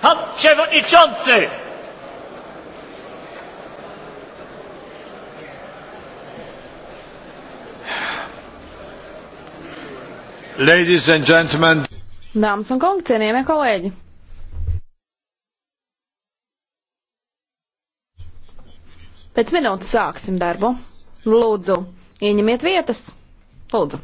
Pan Przewodniczący! Ladies and gentlemen. Dāmas un kungi, cienījamie kolēģi. Pēc minūtes sāksim darbu. Lūdzu, ieņemiet vietas. Lūdzu.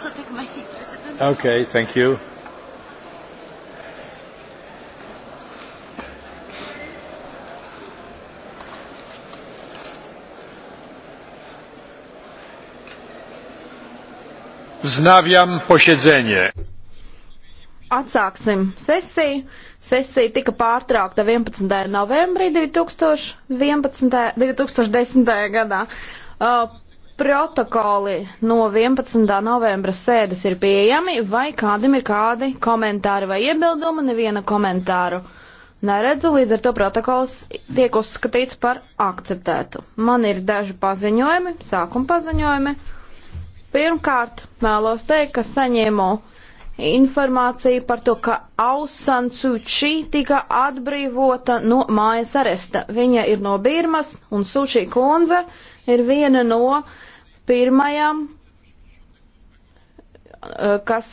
also take my seat, President. Okay, thank you. Wznawiam posiedzenie. Atsāksim sesiju. Sesija tika pārtraukta 11. novembrī 2011. 2010. gadā. Uh, Protokoli no 11. novembra sēdes ir pieejami, vai kādam ir kādi komentāri vai iebildumi, neviena komentāru. Neredzu, līdz ar to protokols tiek uzskatīts par akceptētu. Man ir daži paziņojumi, sākuma paziņojumi. Pirmkārt, vēlos teikt, ka saņēmu informāciju par to, ka Ausan Suči tika atbrīvota no mājas aresta. Viņa ir no Birmas un Suči kundze ir viena no uh, pirmajam, eh, kas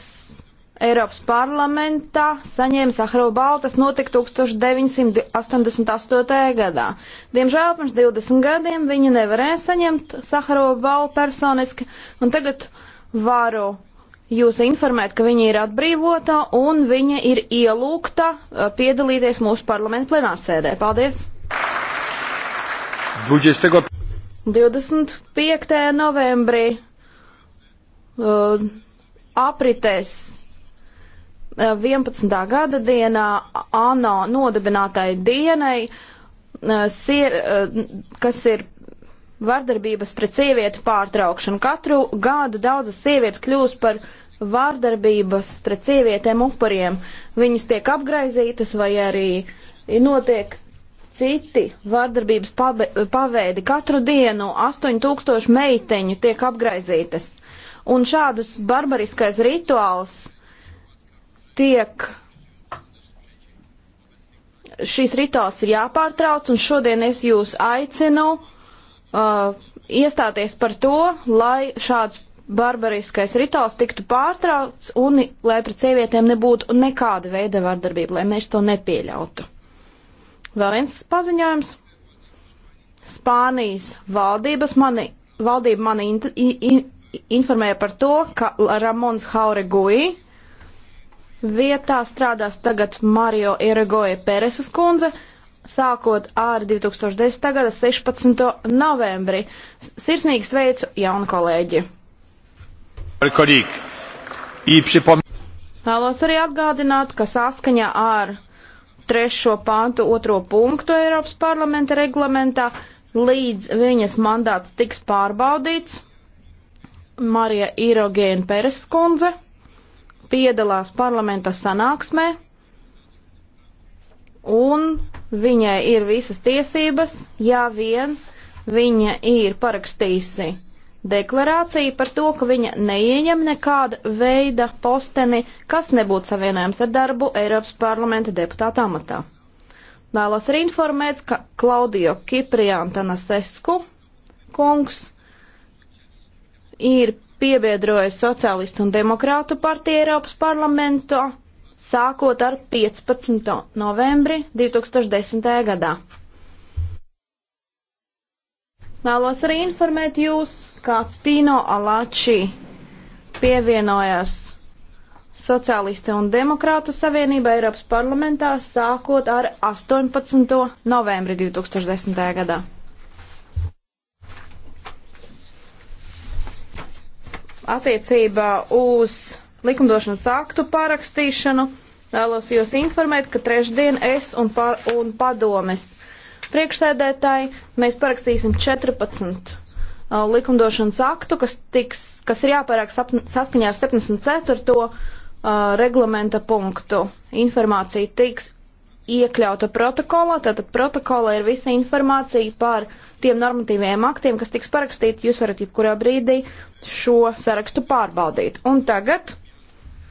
Eiropas parlamentā saņēma Sahrova balvu, tas notika 1988. gadā. Diemžēl pirms 20 gadiem viņa nevarēja saņemt Sahrova balvu personiski, un tagad varu jūs informēt, ka viņa ir atbrīvota un viņa ir ielūgta eh, piedalīties mūsu parlamentu plenārsēdē. Paldies! 20. 25. novembrī uh, apritēs 11. Uh, gada dienā ANO nodibinātai dienai, uh, siev, uh, kas ir vardarbības pret sievietu pārtraukšanu. Katru gadu daudzas sievietes kļūst par vārdarbības pret sievietēm upuriem. Viņas tiek apgraizītas vai arī notiek citi vārdarbības paveidi. Katru dienu 8000 meiteņu tiek apgraizītas. Un šādus barbariskais rituāls tiek. Šīs rituāls ir jāpārtrauc, un šodien es jūs aicinu uh, iestāties par to, lai šāds barbariskais rituāls tiktu pārtrauts un lai pret sievietēm nebūtu nekāda veida vardarbība, lai mēs to nepieļautu. Vēl viens paziņojums. Spānijas valdības mani, valdība mani in, in, informēja par to, ka Ramons Hauregui vietā strādās tagad Mario Iregoja Pereses kundze, sākot ar 2010. gada 16. novembri. Sirsnīgi sveicu jaunu kolēģi! Vēlos arī atgādināt, ka saskaņā ar trešo pantu otro punktu Eiropas parlamenta reglamentā, līdz viņas mandāts tiks pārbaudīts. Marija Irogēna Pereskundze piedalās parlamenta sanāksmē, un viņai ir visas tiesības, ja vien viņa ir parakstījusi deklarāciju par to, ka viņa neieņem nekāda veida posteni, kas nebūtu savienojams ar darbu Eiropas parlamenta deputāta amatā. Vēlos arī informēt, ka Klaudijo Kipriantana Sesku kungs ir piebiedrojies Socialistu un Demokrātu partiju Eiropas parlamentā sākot ar 15. novembri 2010. gadā. Vēlos arī informēt jūs, ka Tino Alači pievienojās Sociālisti un Demokrātu Savienība Eiropas parlamentā sākot ar 18. novembri 2010. gadā. Attiecībā uz likumdošanas aktu pārakstīšanu vēlos jūs informēt, ka trešdien es un, par, un padomes priekšsēdētāji, mēs parakstīsim 14 uh, likumdošanas aktu, kas, tiks, kas ir jāpērāk saskaņā ar 74. Uh, reglamenta punktu. Informācija tiks iekļauta protokolā, tātad protokolā ir visa informācija par tiem normatīviem aktiem, kas tiks parakstīti. Jūs varat jebkurā brīdī šo sarakstu pārbaudīt. Un tagad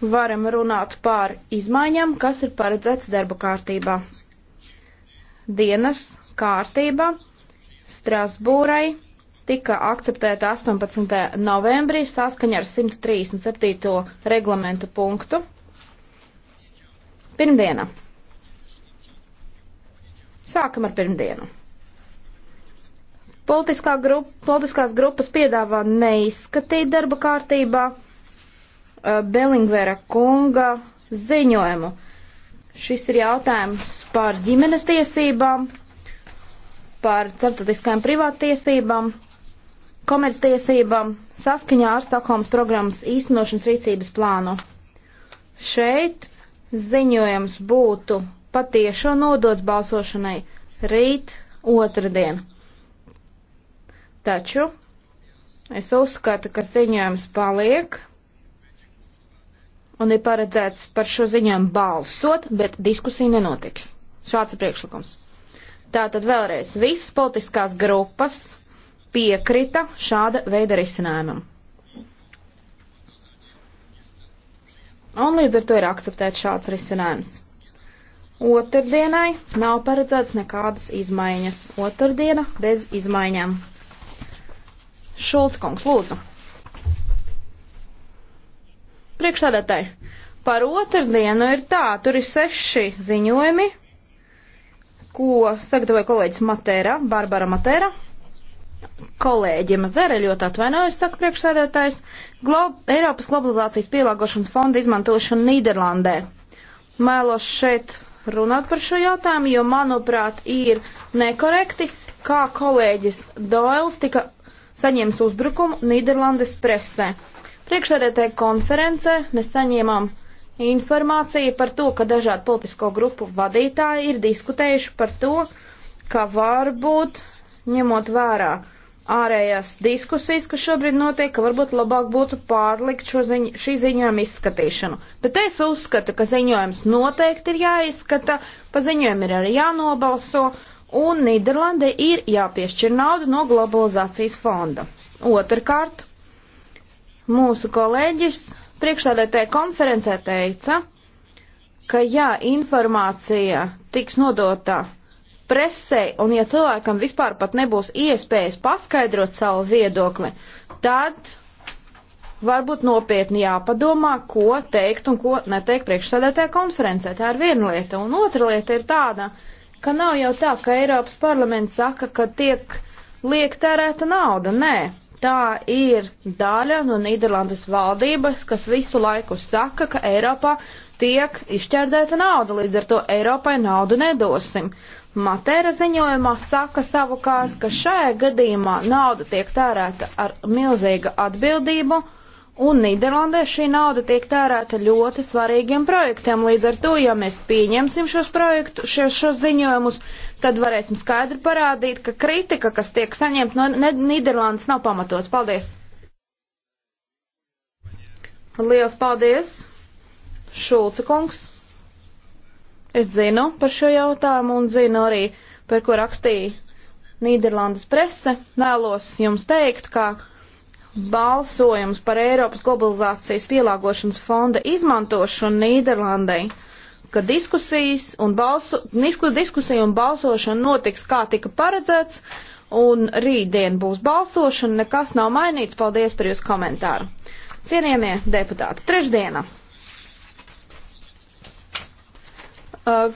varam runāt par izmaiņām, kas ir paredzēts darba kārtībā. Dienas kārtība Strasbūrai tika akceptēta 18. novembrī saskaņā ar 137. reglamentu punktu. Pirmdiena. Sākam ar pirmdienu. Politiskā grup, politiskās grupas piedāvā neizskatīt darba kārtībā uh, Belingvera kunga ziņojumu. Šis ir jautājums par ģimenes tiesībām, par starptautiskajām privātiesībām, komerctiesībām saskaņā ar Stokholmas programmas īstenošanas rīcības plānu. Šeit ziņojums būtu patiešo nodots balsošanai rīt otrdien. Taču es uzskatu, ka ziņojums paliek un ir paredzēts par šo ziņojumu balsot, bet diskusija nenotiks. Šāds ir priekšlikums. Tātad vēlreiz visas politiskās grupas piekrita šāda veida risinājumam. Un līdz ar to ir akceptēts šāds risinājums. Otrdienai nav paredzēts nekādas izmaiņas. Otrdiena bez izmaiņām. Šulc kungs, lūdzu. Priekšstādātāji, par otrdienu ir tā, tur ir seši ziņojumi, ko sagatavoja kolēģis Matēra, Barbara Matēra. Kolēģiem Zere ļoti atvainojas, saka priekšsēdētājs, Glob Eiropas globalizācijas pielāgošanas fonda izmantošana Nīderlandē. Mēlos šeit runāt par šo jautājumu, jo, manuprāt, ir nekorekti, kā kolēģis Doils tika saņēmis uzbrukumu Nīderlandes presē. Priekšsēdētāja konferencē mēs saņēmām informācija par to, ka dažādu politisko grupu vadītāji ir diskutējuši par to, ka varbūt ņemot vērā ārējās diskusijas, kas šobrīd notiek, ka varbūt labāk būtu pārlikt šo ziņ šī ziņojuma izskatīšanu. Bet es uzskatu, ka ziņojums noteikti ir jāizskata, pa ziņojumu ir arī jānobalso, un Nīderlandē ir jāpiešķir nauda no globalizācijas fonda. Otrkārt, mūsu kolēģis priekšstādētāja konferencē teica, ka jā, informācija tiks nodota presē, un ja cilvēkam vispār pat nebūs iespējas paskaidrot savu viedokli, tad varbūt nopietni jāpadomā, ko teikt un ko neteikt priekšsēdētāja konferencē. Tā ir viena lieta. Un otra lieta ir tāda, ka nav jau tā, ka Eiropas parlaments saka, ka tiek liek tērēta nauda. Nē. Tā ir daļa no Nīderlandes valdības, kas visu laiku saka, ka Eiropā tiek izšķērdēta nauda, līdz ar to Eiropai naudu nedosim. Matēra ziņojumā saka savukārt, ka šajā gadījumā nauda tiek tērēta ar milzīgu atbildību Un Nīderlandē šī nauda tiek tērēta ļoti svarīgiem projektiem. Līdz ar to, ja mēs pieņemsim šos projektus, šos, šos ziņojumus, tad varēsim skaidri parādīt, ka kritika, kas tiek saņemta no Nīderlandes, nav pamatots. Paldies! Liels paldies, Šulca kungs! Es zinu par šo jautājumu un zinu arī, par ko rakstīja Nīderlandes prese. Vēlos jums teikt, ka. Kā balsojums par Eiropas globalizācijas pielāgošanas fonda izmantošanu Nīderlandei, ka diskusijas un, balso, diskusija un balsošana notiks kā tika paredzēts, un rītdien būs balsošana, nekas nav mainīts. Paldies par jūsu komentāru. Cienījamie deputāti, trešdiena.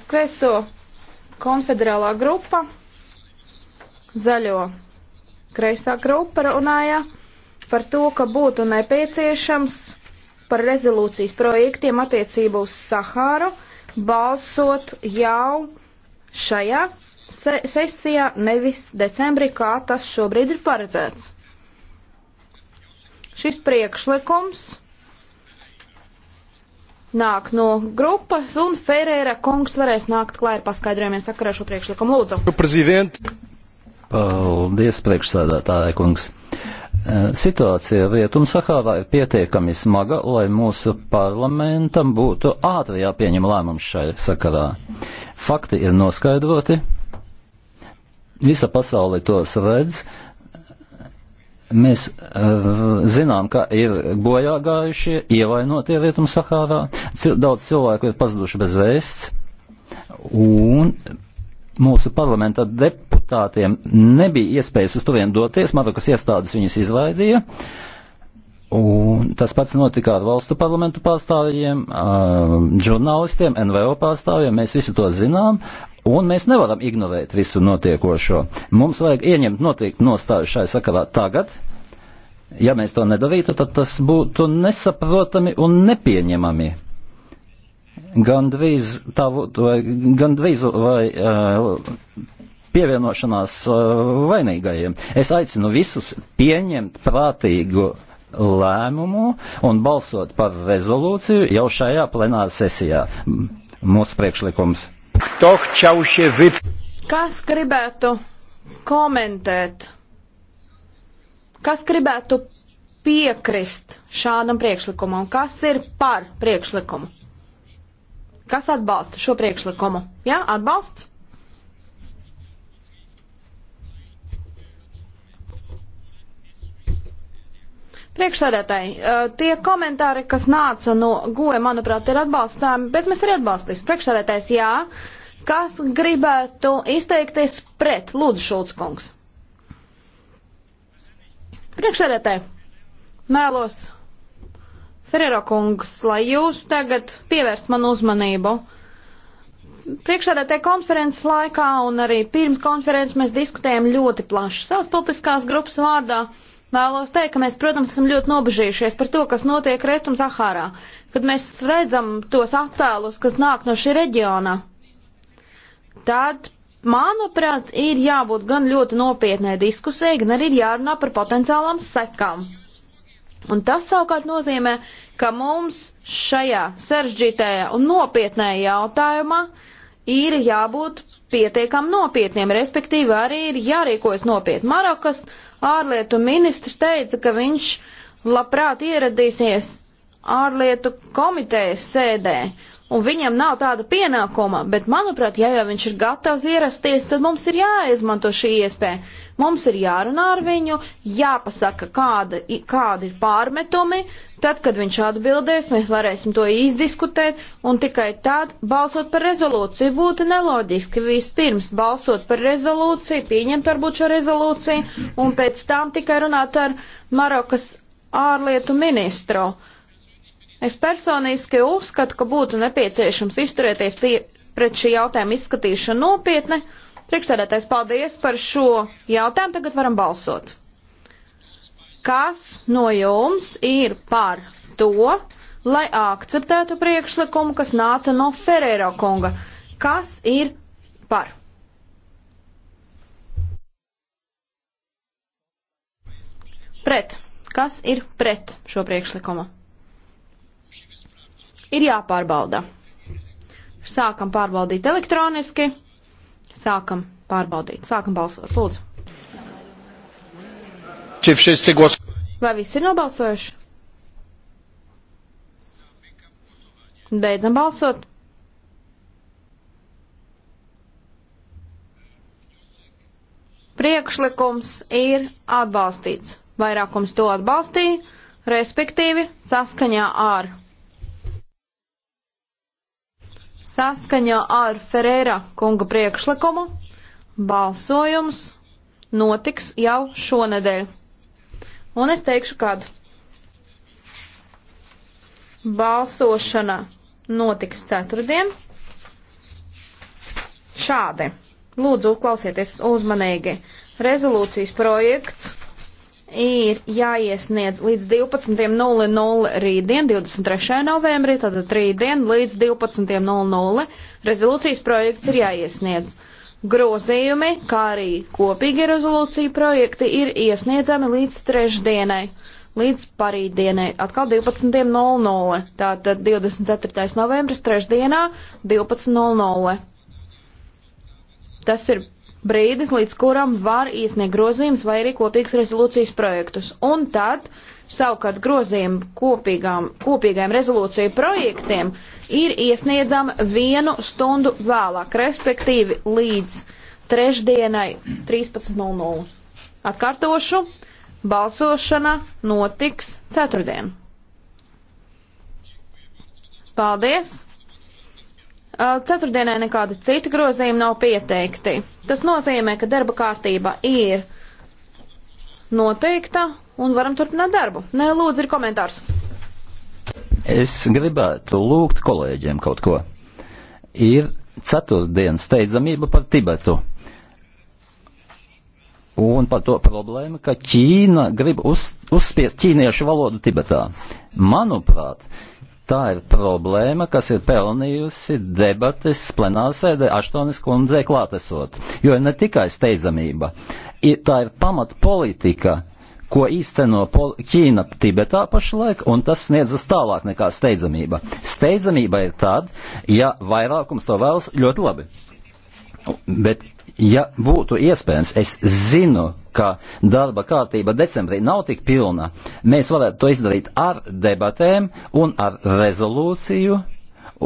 Kreso konfederālā grupa, zaļo kreisā grupa runājā par to, ka būtu nepieciešams par rezolūcijas projektiem attiecību uz Sahāru balsot jau šajā se sesijā, nevis decembrī, kā tas šobrīd ir paredzēts. Šis priekšlikums nāk no grupas, un Ferēra kungs varēs nākt klāt ar paskaidrojumiem sakarā šo priekšlikumu. Lūdzu. Prezident. Paldies, priekšsēdētāja kungs. Uh, Eh, situācija Rietumsahārā ir pietiekami smaga, lai mūsu parlamentam būtu ātri jāpieņem lēmums šai sakarā. Fakti ir noskaidroti, visa pasaule tos redz, Mēs uh, zinām, ka ir bojā gājušie, ievainotie Rietumsahārā, Cil daudz cilvēku ir pazuduši bez vēsts, un mūsu parlamenta deputātiem nebija iespējas uz tuvien doties, Marokas iestādes viņus izlaidīja. Un tas pats notika ar valstu parlamentu pārstāvjiem, žurnālistiem, NVO pārstāvjiem, mēs visi to zinām, un mēs nevaram ignorēt visu notiekošo. Mums vajag ieņemt noteikti nostāju šai sakarā tagad. Ja mēs to nedarītu, tad tas būtu nesaprotami un nepieņemami gandrīz, tavu, vai, gandrīz vai uh, pievienošanās uh, vainīgajiem. Es aicinu visus pieņemt prātīgu lēmumu un balsot par rezolūciju jau šajā plenāra sesijā. Mūsu priekšlikums. Kas gribētu komentēt? Kas gribētu piekrist šādam priekšlikumam? Kas ir par priekšlikumu? Kas atbalsta šo priekšlikumu? Jā, atbalsts. Priekšsēdētāji, tie komentāri, kas nāca no goja, manuprāt, ir atbalstāmi, bet mēs arī atbalstīsim. Priekšsēdētājs, jā, kas gribētu izteikties pret Lūdzu Šulckungs? Priekšsēdētāji, mēlos Ferrero kungs, lai jūs tagad pievērst manu uzmanību. Priekšsēdētē konferences laikā un arī pirms konferences mēs diskutējam ļoti plaši savas politiskās grupas vārdā. Vēlos teikt, ka mēs, protams, esam ļoti nobežījušies par to, kas notiek Rietum Zahārā, kad mēs redzam tos attēlus, kas nāk no šī reģiona. Tad, manuprāt, ir jābūt gan ļoti nopietnai diskusijai, gan arī jārunā par potenciālām sekām. Un tas savukārt nozīmē, ka mums šajā sarežģītajā un nopietnējā jautājumā ir jābūt pietiekam nopietniem, respektīvi arī ir jārīkojas nopietni. Marokas ārlietu ministrs teica, ka viņš labprāt ieradīsies ārlietu komitejas sēdē un viņam nav tāda pienākuma, bet, manuprāt, ja jau viņš ir gatavs ierasties, tad mums ir jāizmanto šī iespēja. Mums ir jārunā ar viņu, jāpasaka, kāda, kāda ir pārmetumi, tad, kad viņš atbildēs, mēs varēsim to izdiskutēt, un tikai tad balsot par rezolūciju būtu neloģiski. Vispirms balsot par rezolūciju, pieņemt varbūt šo rezolūciju, un pēc tam tikai runāt ar Marokas ārlietu ministru. Uh, Es personiski uzskatu, ka būtu nepieciešams izturēties pie, pret šī jautājuma izskatīšanu nopietni. Priekšsēdētājs, paldies par šo jautājumu. Tagad varam balsot. Kas no jums ir par to, lai akceptētu priekšlikumu, kas nāca no Ferēra kunga? Kas ir par? Pret. Kas ir pret šo priekšlikumu? ir jāpārbauda. Sākam pārbaudīt elektroniski, sākam pārbaudīt, sākam balsot. Lūdzu. Vai visi ir nobalsojuši? Beidzam balsot. Priekšlikums ir atbalstīts. Vairākums to atbalstīja, respektīvi saskaņā ar Saskaņā ar Ferēra kunga priekšlikumu balsojums notiks jau šonedēļ. Un es teikšu, kad balsošana notiks ceturtdien. Šādi. Lūdzu, klausieties uzmanīgi. Rezolūcijas projekts ir jāiesniedz līdz 12.00 rītdien, 23. novembrī, tātad rītdien līdz 12.00 rezolūcijas projekts ir jāiesniedz. Grozījumi, kā arī kopīgi rezolūcija projekti ir iesniedzami līdz trešdienai, līdz parītdienai, atkal 12.00, tātad 24. novembris, trešdienā, 12.00. Tas ir brīdis, līdz kuram var iesniegt grozījums vai arī kopīgas rezolūcijas projektus. Un tad savukārt grozījumi kopīgām, kopīgajiem rezolūciju projektiem ir iesniedzama vienu stundu vēlāk, respektīvi līdz trešdienai 13.00. Atkārtošu, balsošana notiks ceturtdien. Paldies! Ceturtdienai nekādi citi grozījumi nav pieteikti. Tas nozīmē, ka darba kārtība ir noteikta un varam turpināt darbu. Nē, lūdzu, ir komentārs. Es gribētu lūgt kolēģiem kaut ko. Ir ceturtdienas steidzamība par Tibetu. Un par to problēmu, ka Ķīna grib uz, uzspiest ķīniešu valodu Tibetā. Manuprāt, Tā ir problēma, kas ir pelnījusi debates plenārsēdē Aštonis kundzei klātesot, jo ir ne tikai steidzamība, ir, tā ir pamat politika, ko īsteno pol Ķīna Tibetā pašlaik, un tas sniedzas tālāk nekā steidzamība. Steidzamība ir tad, ja vairākums to vēlas ļoti labi. Bet ja būtu iespējams, es zinu, ka darba kārtība decembrī nav tik pilna, mēs varētu to izdarīt ar debatēm un ar rezolūciju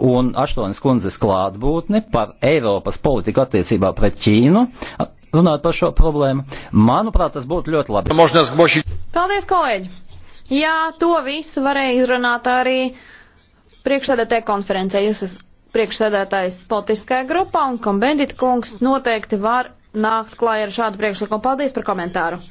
un aštuonas kundzes klātbūtni par Eiropas politiku attiecībā pret Ķīnu. Runāt par šo problēmu, manuprāt, tas būtu ļoti labi. Paldies, kolēģi! Jā, to visu varēja izrunāt arī priekšsēdētē konferencē. Jūs esat priekšsēdētājs politiskajā grupā un kombendita kungs noteikti var nākt klāj ar šādu priekšlikumu. Paldies par komentāru!